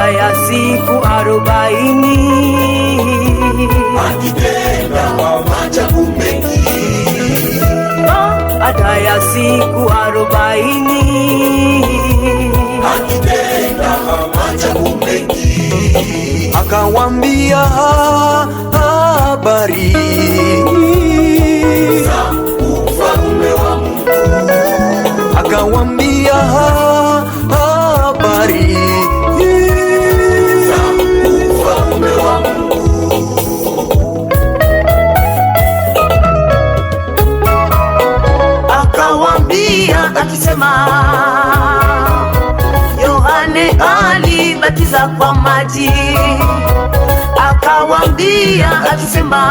baada ya siku arobaini akitenda maajabu mengi baada ya siku arobaini akitenda maajabu mengi akawambia anasema Yohane alibatiza kwa maji, akawambia akisema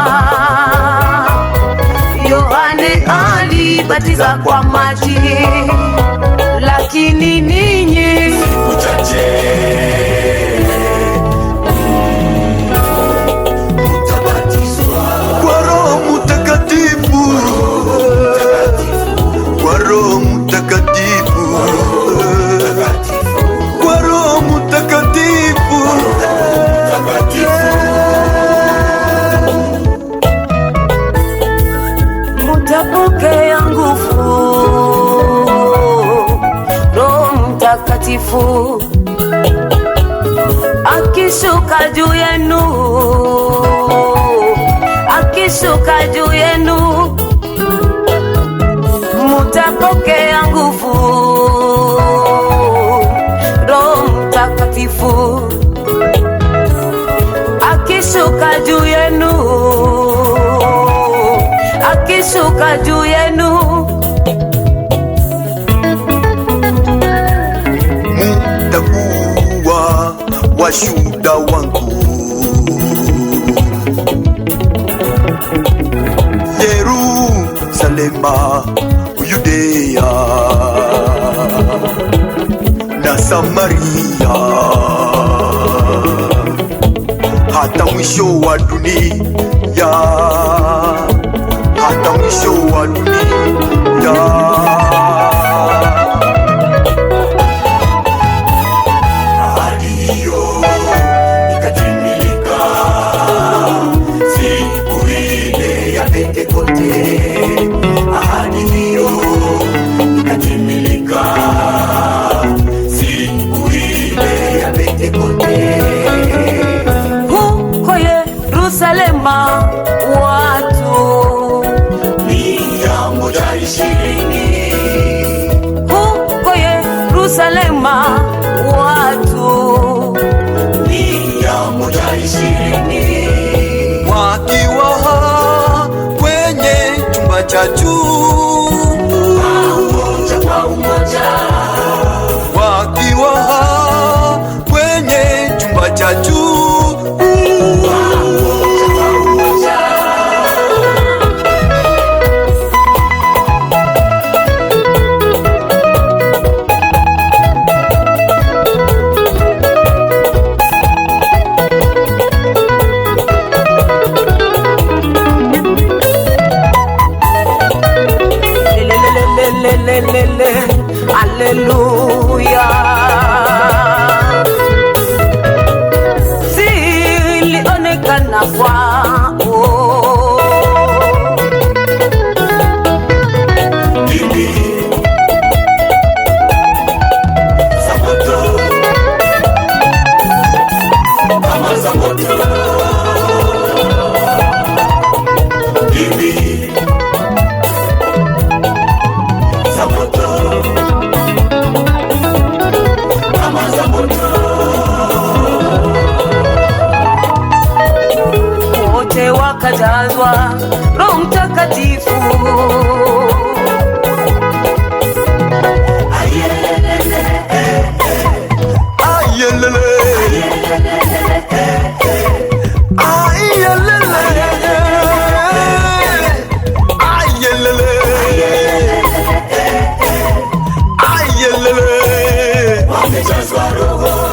Yohane alibatiza kwa maji, lakini ninyi mtakatifu akishuka juu yenu, akishuka juu yenu mutapokea nguvu Roho Mtakatifu akishuka juu yenu, akishuka juu yenu washuda wangu. Yerusalema, Yudea na Samaria, hata mwisho wa dunia, hata mwisho wa dunia. Huko Yerusalema watu mia moja ishirini huko Yerusalema watu mia moja ishirini wakiwa kwenye chumba cha juu akajazwa Roho Mtakatifu. Wamejazwa Roho